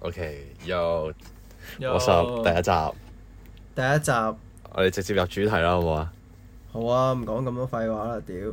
O.K. 又 Yo, 我入第一集，第一集，我哋直接入主題啦，好唔好啊？好啊，唔講咁多廢話啦，屌！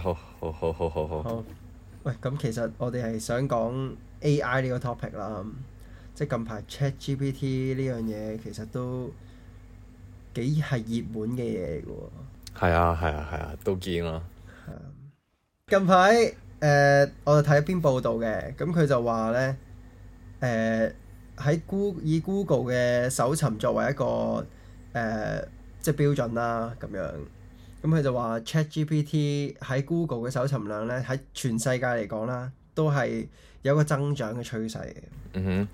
好好好好好好。好，好好好好好喂，咁其實我哋係想講 A.I. 呢個 topic 啦，即係近排 ChatGPT 呢樣嘢，其實都幾係熱門嘅嘢嚟嘅。係啊係啊係啊，都見啦、啊。近排誒、呃，我就睇一篇報道嘅，咁佢就話咧。誒喺 Google 以 Google 嘅搜尋作為一個誒、呃、即係標準啦、啊，咁樣咁佢、嗯、就話 ChatGPT 喺 Google 嘅搜尋量咧，喺全世界嚟講啦，都係有一個增長嘅趨勢嘅。嗯哼、mm，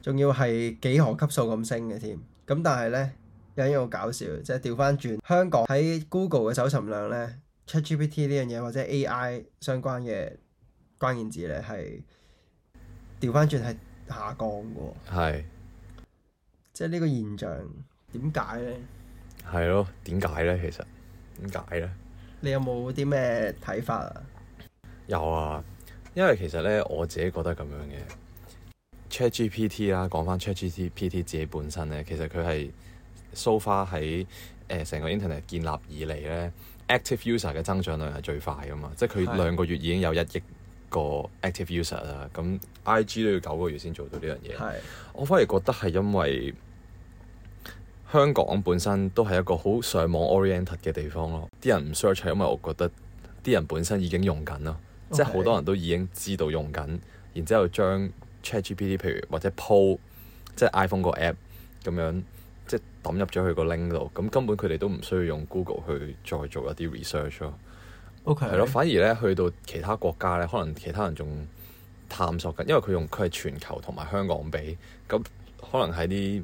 仲、hmm. 要係幾何級數咁升嘅添。咁但係咧有一樣好搞笑，即係調翻轉香港喺 Google 嘅搜尋量咧，ChatGPT 呢樣嘢或者 AI 相關嘅關鍵字咧係調翻轉係，下降嘅喎，係是，即係呢個現象點解咧？係咯，點解咧？其實點解咧？呢你有冇啲咩睇法啊？有啊，因為其實咧我自己覺得咁樣嘅 ChatGPT 啦，講翻 ChatGPT 自己本身咧，其實佢係 so far 喺、誒成個 internet 建立以嚟咧，active user 嘅增長量係最快噶嘛，的即係佢兩個月已經有一億。個 active user 啦，咁 IG 都要九個月先做到呢樣嘢。係是，我反而覺得係因為香港本身都係一個好上網 oriented 嘅地方咯。啲人唔 search，因為我覺得啲人本身已經用緊咯，Okay. 即係好多人都已經知道用緊，然之後將 ChatGPT，譬如或者 po 即係 iPhone 個 app 咁樣，即係抌入咗佢個 link 度，咁根本佢哋都唔需要用 Google 去再做一啲 research 咯。係咯 Okay ,、okay.，反而咧去到其他國家咧，可能其他人仲探索緊，因為佢用佢係全球同埋香港比，咁可能喺啲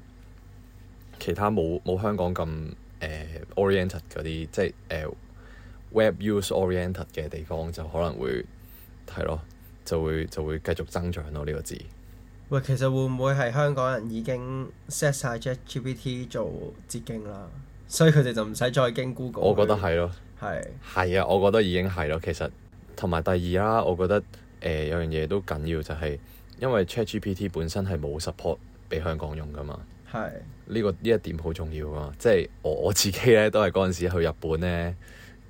其他冇冇香港咁誒、呃、oriented 啲，即係誒、呃、web use oriented 嘅地方，就可能會係咯，就會就會繼續增長咯、啊、呢、這個字。喂，其實會唔會係香港人已經 set 晒 ChatGPT 做捷徑啦？所以佢哋就唔使再經 Google。我覺得係咯。係係啊，我覺得已經係咯。其實同埋第二啦，我覺得誒、呃、有樣嘢都緊要，就係、是、因為 ChatGPT 本身係冇 support 俾香港用噶嘛。係呢是、這個呢一點好重要啊！即係我，我自己咧，都係嗰陣時去日本咧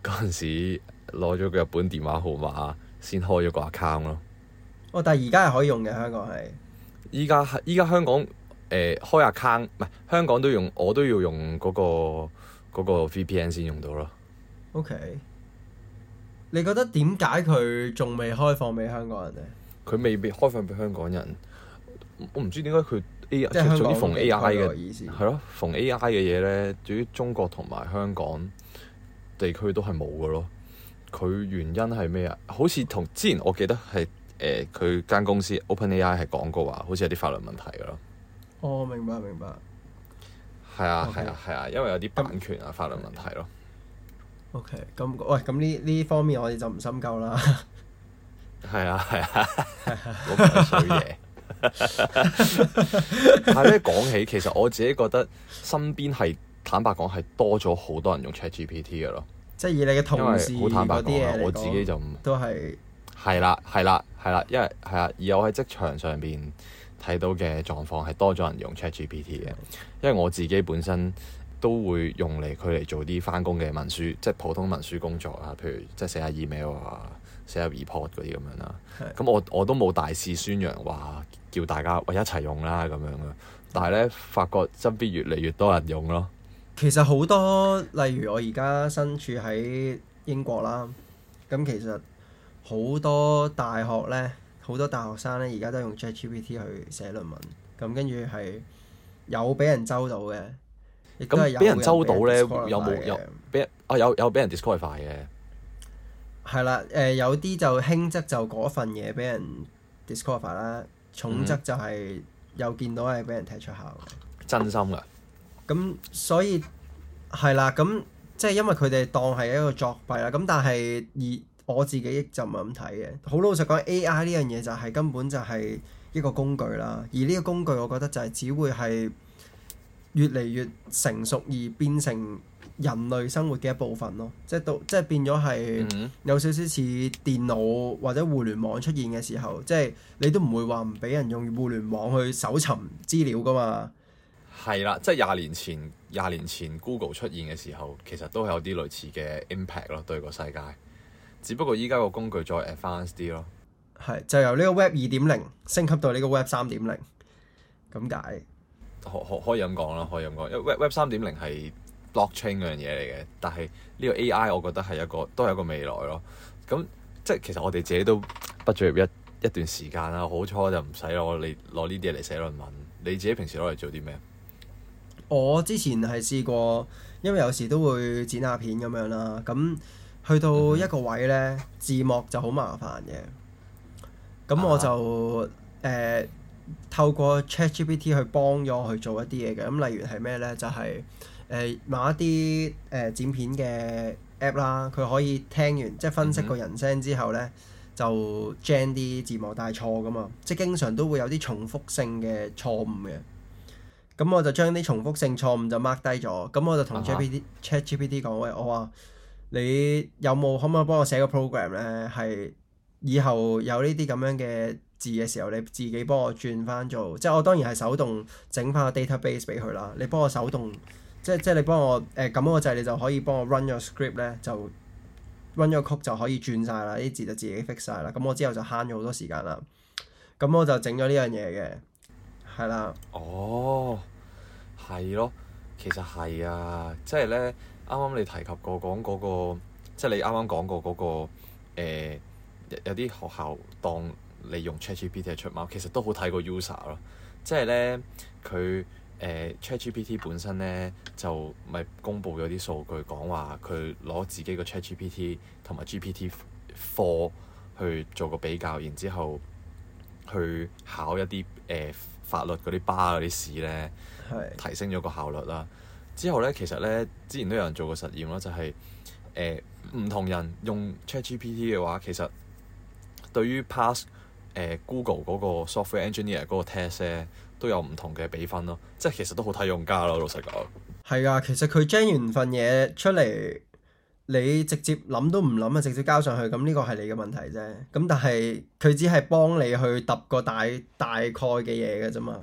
嗰陣時攞咗個日本電話號碼先開咗個 account 咯。哦，但係而家係可以用嘅，香港係依家依家香港誒、呃、開 account 唔、呃、係香港都用，我都要用嗰，那個那個 VPN 先用到咯。O.K. 你覺得點解佢仲未開放俾香港人呢？佢未未開放俾香港人，我唔知點解佢 A 即係香港做啲逢 A.I. 嘅意思係咯，逢 A.I. 嘅嘢呢，至於中國同埋香港地區都係冇㗎咯。佢原因係咩啊？好似同之前我記得係誒佢間公司 OpenAI 係講過話，好似有啲法律問題㗎咯。哦，明白明白。係啊係啊係啊，因為有啲版權啊法律問題咯。O.K. 咁喂，咁呢呢方面我哋就唔深究啦。係啊，係啊，係係，嗰嘢。但係咧講起，其實我自己覺得身邊係坦白講係多咗好多人用 ChatGPT 嘅咯。即係以你嘅同事嗰啲嘢嚟講，好坦白講，我自己就唔都係係啦，係啦、啊，係啦、啊啊啊，因為係啊，而我喺職場上邊睇到嘅狀況係多咗人用 ChatGPT 嘅，因為我自己本身，都會用嚟佢嚟做啲返工嘅文書，即係普通文書工作啊，譬如即係寫下 email 啊，寫下 report 嗰啲咁樣啦。咁是的 我我都冇大肆宣揚，話叫大家喂一齊用啦咁樣啊。但係呢，發覺身邊越嚟越多人用咯。其實好多，例如我而家身處喺英國啦，咁其實好多大學呢，好多大學生呢，而家都用 ChatGPT 去寫論文，咁跟住係有俾人捉到嘅。咁俾人周到咧，有冇有俾啊？有有俾人 disqualify 嘅，係啦。誒，有啲就輕則就嗰份嘢俾人 disqualify 啦，重則就係又見到係俾人踢出校，嗯。真心噶。咁所以係啦，咁即係因為佢哋當係一個作弊啦。咁但係而我自己就唔係咁睇嘅。好老實講，A. I. 呢樣嘢就係、是，根本就係一個工具啦。而呢個工具，我覺得就係只會係。越嚟越成熟而變成人類生活嘅一部分咯，即係到即係變咗係有少少似電腦或者互聯網出現嘅時候，即係你都唔會話唔俾人用互聯網去搜尋資料噶嘛。係啦，即係廿年前廿年前 Google 出現嘅時候，其實都有啲類似嘅 impact 咯對個世界，只不過依家個工具再 advance 啲咯。係就由呢個 Web 二點零升級到呢個 Web 三點零咁解。可可以咁講啦，可以咁講，因為 Web Web 三點零係 blockchain 嗰樣嘢嚟嘅，但係呢個 AI 我覺得係一個都係一個未來咯。咁即係其實我哋自己都畢咗業一一段時間啦，好彩就唔使攞你攞呢啲嘢嚟寫論文。你自己平時攞嚟做啲咩？我之前係試過，因為有時都會剪下片咁樣啦。咁去到一個位呢，嗯、字幕就好麻煩嘅，咁我就誒。啊欸透過 ChatGPT 去幫咗我去做一啲嘢嘅，咁例如係咩呢？就係誒買一啲誒剪片嘅 app 啦，佢可以聽完即係分析個人聲之後呢，嗯、哼就 g 啲字幕帶錯噶嘛，即係經常都會有啲重複性嘅錯誤嘅。咁我就將啲重複性錯誤就 mark 低咗，咁我就同 ChatGPT 講，喂，我話你有冇可唔可以幫我寫個 program 呢？係以後有呢啲咁樣嘅。字嘅時候，你自己幫我轉翻做，即係我當然係手動整翻個 database 俾佢啦。你幫我手動，即係即係你幫我誒咁、呃、個掣，你就可以幫我 run your script 咧，就 run your code，就可以轉晒啦，呢啲字就自己 fix 晒啦。咁我之後就慳咗好多時間啦。咁我就整咗呢樣嘢嘅，係啦。哦，係咯，其實係啊，即係咧，啱啱你提及過講嗰、那個，即、就、係、是、你啱啱講過嗰、那個、呃、有有啲學校當。你用 ChatGPT 出貓，其實都好睇過 user 咯。即係咧，佢誒、呃、ChatGPT 本身咧就咪公布咗啲數據，講話佢攞自己個 ChatGPT 同埋 GPT Four 去做個比較，然之後去考一啲誒、呃、法律嗰啲 bar 嗰啲試咧，的提升咗個效率啦。之後咧，其實咧之前都有人做過實驗啦，就係誒唔同人用 ChatGPT 嘅話，其實對於 pass Google 嗰個 software engineer 嗰個 test 都有唔同嘅比分咯，即係其實都好睇用家咯，老實講。係啊，其實佢 gen 完份嘢出嚟，你直接諗都唔諗啊，直接交上去，咁呢個係你嘅問題啫。咁但係佢只係幫你去揼個大大概嘅嘢嘅啫嘛。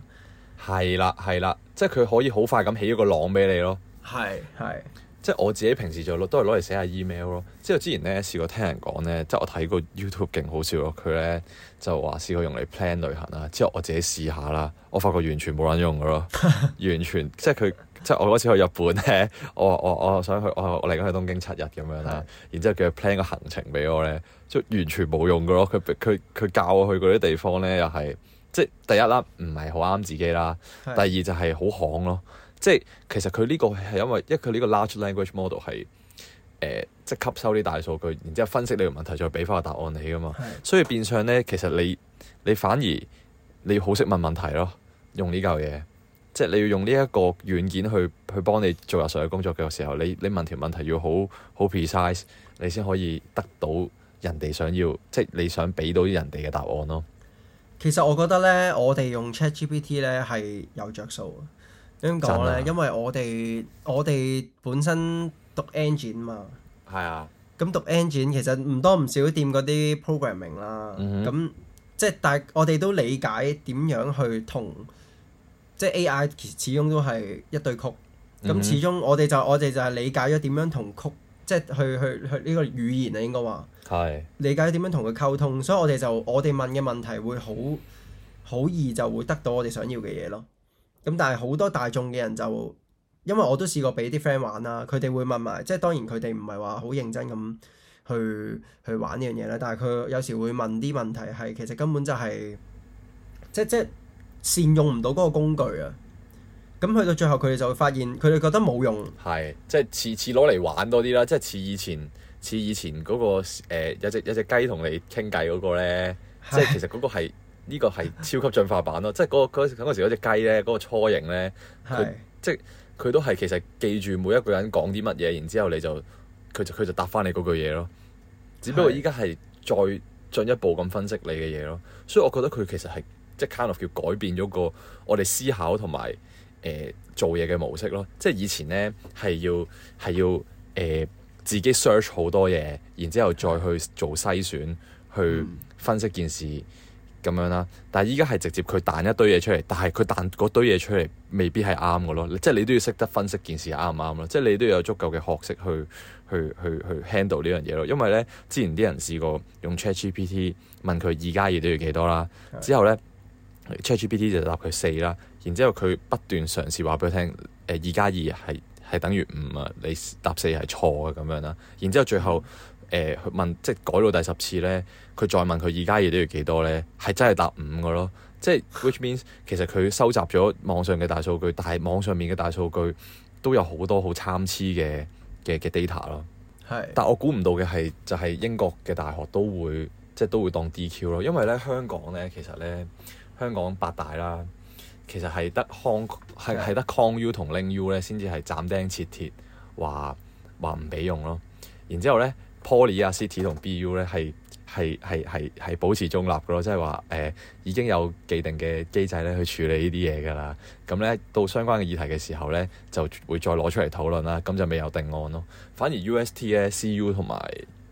係啦，係啦，即係佢可以好快咁起一個籠俾你咯。係係。即係我自己平時就都係攞嚟寫下 email 咯。之後之前咧試過聽人講咧，即係我睇過 YouTube 勁好笑咯。佢咧就話試過用嚟 plan 旅行啦。之後我自己試下啦，我發覺完全冇撚用嘅咯。 完全即係佢即係我嗰次去日本咧， 我話我我想去我我嚟緊去東京七日咁樣啦。的然之後叫佢 plan 個行程俾我咧，即係完全冇用嘅咯。佢佢佢教我去嗰啲地方咧，又係即係第一啦，唔係好啱自己啦。的第二就係好巷咯。即係其實佢呢個係因為一佢呢個 large language model 係誒、呃、即係吸收啲大數據，然之後分析呢條問題，再俾翻個答案你噶嘛。的所以變相咧，其實你你反而你要好識問問題咯。用呢嚿嘢，即係你要用呢一個軟件去去幫你做日常嘅工作嘅時候，你你問條問題要好好 precise，你先可以得到人哋想要，即係你想俾到人哋嘅答案咯。其實我覺得咧，我哋用 Chat G P T 咧係有着數。點講咧？呢的因為我哋我哋本身讀 engine 啊嘛，係啊。咁讀 engine 其實唔多唔少掂嗰啲 programming 啦。咁、嗯、哼即係大我哋都理解點樣去同即係 AI，其實始終都係一對曲。咁、嗯、哼始終我哋就我哋就係理解咗點樣同曲，即係去去去呢個語言啊，應該話係理解咗點樣同佢溝通。所以我哋就我哋問嘅問題會好好易就會得到我哋想要嘅嘢咯。咁但係好多大眾嘅人就，因為我都試過俾啲 friend 玩啦，佢哋會問埋，即係當然佢哋唔係話好認真咁去去玩呢樣嘢咧，但係佢有時會問啲問題係其實根本就係、是，即即善用唔到嗰個工具啊，咁去到最後佢哋就會發現佢哋覺得冇用。係，即係次次攞嚟玩多啲啦，即係似以前似以前嗰、嗰個、呃、有隻有隻雞同你傾偈嗰個咧，的即係其實嗰個係。呢個係超級進化版咯， 即係嗰個嗰時嗰隻雞咧，嗰 個初型咧，佢是即係佢都係其實記住每一個人講啲乜嘢，然之後你就佢就佢就答翻你嗰句嘢咯。只不過依家係再進一步咁分析你嘅嘢咯，所以我覺得佢其實係即係 Kind of 叫改變咗個我哋思考同埋誒做嘢嘅模式咯。即係以前咧係要係要誒、呃、自己 search 好多嘢，然之後再去做篩選去分析件事、嗯。咁樣啦，但係依家係直接佢彈一堆嘢出嚟，但係佢彈嗰堆嘢出嚟未必係啱嘅咯，即係你都要識得分析件事啱唔啱咯，即係你都要有足夠嘅學識去去去去 handle 呢樣嘢咯，因為咧之前啲人試過用 ChatGPT 問佢二加二都要幾多啦，之後咧的 ChatGPT 就答佢四啦，然之後佢不斷嘗試話俾佢聽，誒二加二係係等於五啊，你答四係錯嘅咁樣啦，然之後最後。誒去、呃、問，即係改到第十次咧，佢再問佢而家嘢都要幾多咧？係真係答五個咯，即係 which means 其實佢收集咗網上嘅大數據，但係網上面嘅大數據都有好多好參差嘅嘅嘅 data 咯。係是，但我估唔到嘅係就係、是、英國嘅大學都會即係都會當 DQ 咯，因為咧香港咧其實咧香港八大啦，其實係得康係係得 Con U 同 Ling U 咧先至係斬釘截鐵話話唔俾用咯，然之後咧。Poly 啊，City 同 BU 咧係係係係係保持中立嘅咯，即係話誒已經有既定嘅機制咧去處理呢啲嘢㗎啦。咁咧到相關嘅議題嘅時候咧，就會再攞出嚟討論啦。咁就未有定案咯。反而 UST 咧、CU 同埋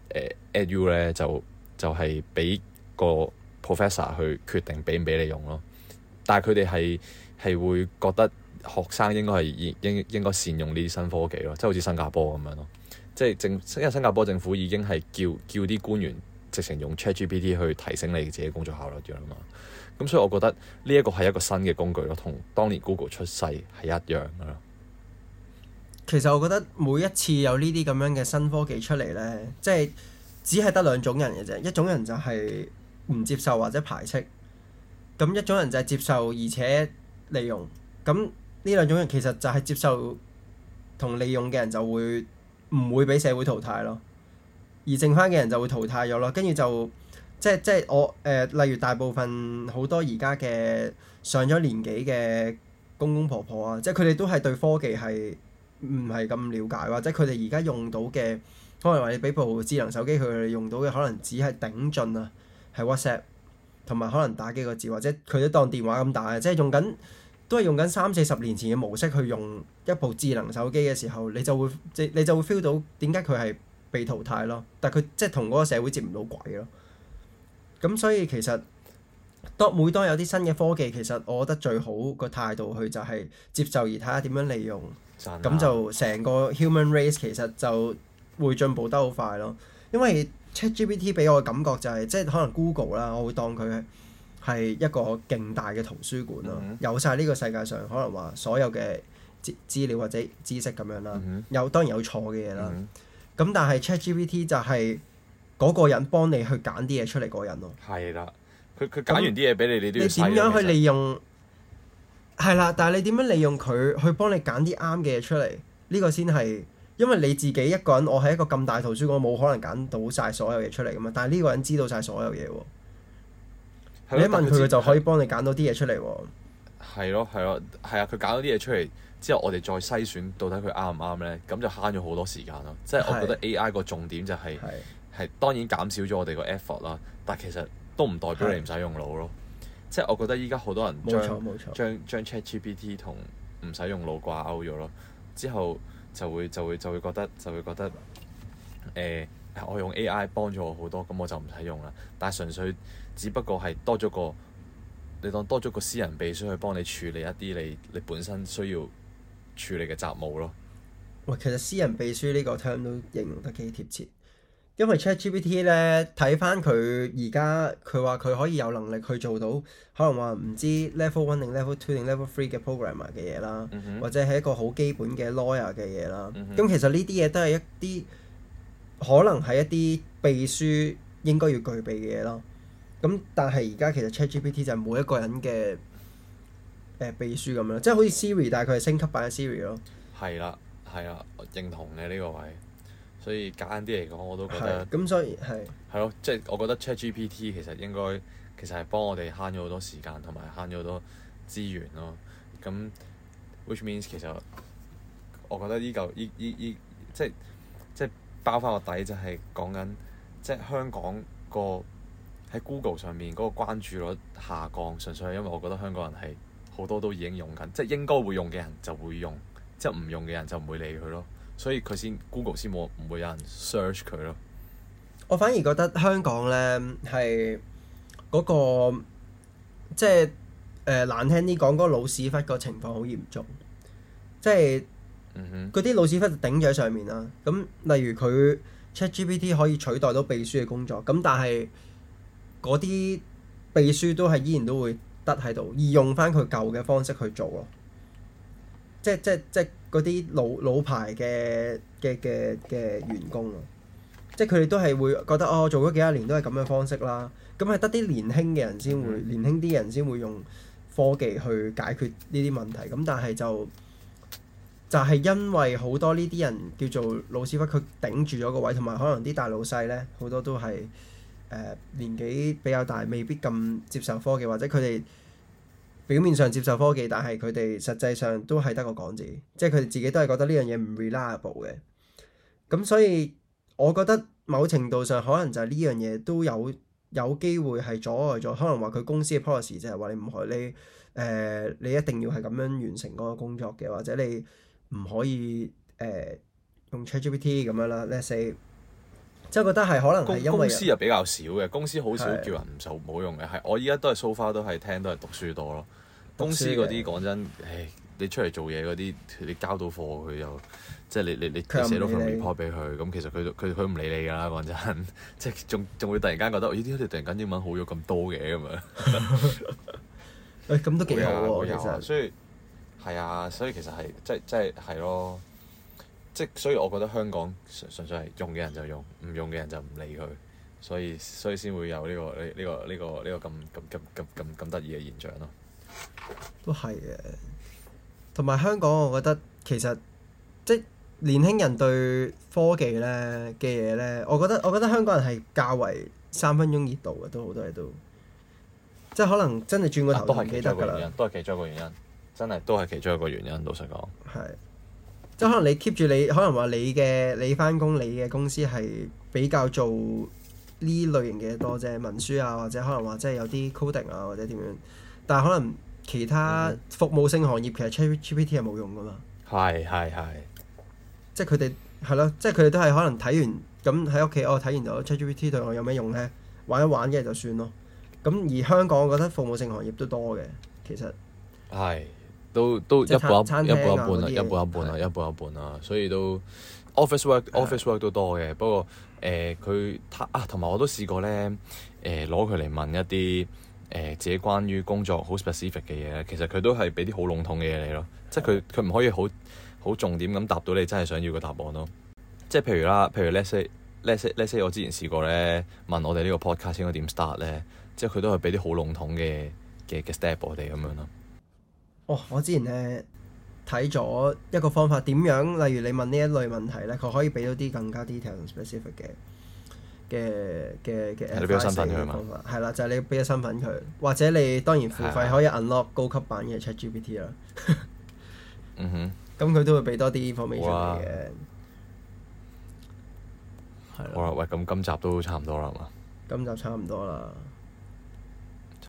誒 AU 咧就就係、是、俾個 professor 去決定俾唔俾你用咯。但係佢哋係係會覺得學生應該係應應該善用呢啲新科技咯，即、就、係、是、好似新加坡咁樣咯。即係政，因為新加坡政府已經係叫叫啲官員直情用 ChatGPT 去提升你自己工作效率咁啦嘛。咁所以我覺得呢一個係一個新嘅工具咯，同當年 Google 出世係一樣噶咯。其實我覺得每一次有呢啲咁樣嘅新科技出嚟咧，即係只係得兩種人嘅啫。一種人就係唔接受或者排斥，咁一種人就係接受而且利用。咁呢兩種人其實就係接受同利用嘅人就會，唔會俾社會淘汰咯，而剩翻嘅人就會淘汰咗咯。跟住就即即我誒、呃，例如大部分好多而家嘅上咗年紀嘅公公婆婆啊，即係佢哋都係對科技係唔係咁了解，或者佢哋而家用到嘅可能，話你俾部智能手機佢哋用到嘅可能只係頂盡啊，係 WhatsApp 同埋可能打幾個字，或者佢都當電話咁打嘅，即係用緊。都係用緊三四十年前嘅模式去用一部智能手機嘅時候，你就會即你就會 feel 到點解佢係被淘汰咯。但佢即係同嗰個社會接唔到軌咯。咁所以其實當每當有啲新嘅科技，其實我覺得最好個態度去就係接受而睇下點樣利用。咁真、啊、就成個 human race 其實就會進步得好快咯。因為 ChatGPT 俾我嘅感覺就係、是、即係可能 Google 啦，我會當佢。係一個勁大嘅圖書館咯，嗯、哼有晒呢個世界上可能話所有嘅資資料或者知識咁樣啦。嗯、哼有當然有錯嘅嘢啦。咁、嗯、哼但係 ChatGPT 就係嗰個人幫你去揀啲嘢出嚟嗰個人咯。係啦，佢佢揀完啲嘢俾你，那你都要。你點樣去利用？係啦實，但係你點樣利用佢去幫你揀啲啱嘅嘢出嚟？呢、呢個先係，因為你自己一個人，我喺一個咁大圖書館，冇可能揀到晒所有嘢出嚟㗎嘛。但係呢個人知道晒所有嘢喎。你問佢，佢就可以幫你揀到啲嘢出嚟喎。係咯，係咯，係啊！佢揀到啲嘢出嚟之後，我哋再篩選到底佢啱唔啱咧，咁就慳咗好多時間咯。即係我覺得 AI 個重點就係、係、係的的當然減少咗我哋個 effort 啦，但其實都唔代表你唔使用，用腦咯。的即係我覺得依家好多人將冇錯，冇錯，將將 ChatGPT 同唔使用，用腦掛鈎咗咯，之後就會就會就會覺得就會覺得誒。呃我用 A.I. 幫咗我好多，咁我就唔使用啦。但係純粹，只不過係多咗個，你當多咗個私人秘書去幫你處理一啲你你本身需要處理嘅雜務咯。喂，其實私人秘書呢個 term 都形容得幾貼切，因為 ChatGPT 咧睇翻佢而家佢話佢可以有能力去做到，可能話唔知 Level One 定 Level Two 定 Level Three 嘅 programmer 嘅嘢啦，嗯、哼或者係一個好基本嘅 lawyer 嘅嘢啦。咁其實呢啲嘢都係一啲。可能係一啲秘書應該要具備嘅嘢咯，咁但係而家其實 ChatGPT 就係每一個人嘅誒、呃、秘書咁樣，即係好似 Siri，但係佢係升級版嘅 Siri 咯。係啦，係啦，認同嘅呢、這個位，所以簡單啲嚟講，我都覺得。咁所以係。係咯，即係、就是、我覺得 ChatGPT 其實應該其實係幫我哋慳咗好多時間同埋慳咗好多資源咯。咁，which means 其實我覺得依嚿依依依即係。包翻個底就係講緊，即係香港個喺 Google 上面嗰個關注率下降，純粹係因為我覺得香港人係好多都已經用緊，即係應該會用嘅人就會用，即係唔用嘅人就唔會理佢咯。所以佢先 Google 先冇唔會有人 search 佢咯。我反而覺得香港呢係嗰個即係誒難聽啲講嗰個老屎忽個情況好嚴重，即係。嗰啲老屎忽就頂咗喺上面啦。咁例如佢 ChatGPT 可以取代到秘書嘅工作，咁但係嗰啲秘書都係依然都會得喺度，而用翻佢舊嘅方式去做咯。即係即係即係嗰啲老老牌嘅嘅嘅嘅員工啊，即係佢哋都係會覺得哦，做咗幾廿年都係咁嘅方式啦。咁係得啲年輕嘅人先會、嗯、年輕啲人先會用科技去解決呢啲問題。咁但係就但係因為好多呢啲人叫做老屎忽，佢頂住咗個位，同埋可能啲大老細呢，好多都係誒、呃、年紀比較大，未必咁接受科技，或者佢哋表面上接受科技，但係佢哋實際上都係得個講字，即係佢哋自己都係覺得呢樣嘢唔 reliable 嘅。咁所以，我覺得某程度上可能就係呢樣嘢都有有機會係阻礙咗，可能話佢公司嘅 policy 就係話你唔可以誒，你一定要係咁樣完成嗰個工作嘅，或者你。唔可以誒、呃、用 ChatGPT 咁樣啦，Let's say 即係覺得係可能係因為公司又比較少嘅，公司好少叫人唔受冇用嘅。係我依家都係 so far 都係聽，都係讀書多咯。公司嗰啲講真，唉，你出嚟做嘢嗰啲，你交到貨佢又，即係你你你寫到份 report 俾佢，咁其實佢佢佢唔理你噶啦。講真，即係仲仲會突然間覺得咦？點、哎、解你突然間英文好咗咁多嘅咁啊？咁都幾好 其實所以。係啊，所以其實係，即即係係咯，即所以我覺得香港純粹係用嘅人就用，唔用嘅人就唔理佢，所以所以先會有呢、呢個呢呢、呢個呢、呢個呢、呢個咁咁咁咁咁咁得意嘅現象咯。都係嘅，同埋香港我覺得其實即年輕人對科技咧嘅嘢咧，我覺得我覺得香港人係較為三分鐘熱度嘅，都好多嘢都，即可能真係轉個頭、啊、都係其中一個都係其中一個原因。真係都係其中一個原因，老實講。係，即係可能你 keep 住你，可能話你嘅你翻工，你嘅公司係比較做呢類型嘅多啫，文書啊，或者可能話即係有啲 coding 啊，或者點樣。但係可能其他服務性行業、嗯、其實 ChatGPT 係冇用噶嘛。係係係，即係佢哋係咯，即係佢哋都係可能睇完咁喺屋企，我睇、哦、完咗 ChatGPT 對我有咩用呢？玩一玩嘅就算咯。咁而香港我覺得服務性行業都多嘅，其實。係。都都一半一,一半對一,一半對一,一半啦，一半一半啦，一半一半啦，所以都 office work office work 都多嘅。Yeah. 不過誒佢、呃、啊，同埋我都試過咧誒攞佢嚟問一啲誒、呃、自己關於工作好 specific 嘅嘢咧，其實佢都係俾啲好籠統嘅嘢你咯，即係佢佢唔可以好好重點咁答到你真係想要嘅答案咯。即、就、係、是、譬如啦，譬如 Leslie Leslie 我之前試過咧問我哋呢個 podcast 應該點 start 咧，即係佢都係俾啲好籠統嘅嘅嘅 step 我哋咁樣咯。哦，我之前咧睇咗一個方法，點樣？例如你問呢一類問題咧，佢可以俾到啲更加 detail、specific 嘅嘅嘅嘅。你俾身份佢嘛？係啦，就係、是、你俾咗身份佢，或者你當然付費可以 unlock 高級版嘅 ChatGPT 啦。咁佢、嗯嗯、都會俾多啲 information 出嚟嘅。係。好啦、啊啊，喂，咁今集都差唔多啦嘛。今集差唔多啦。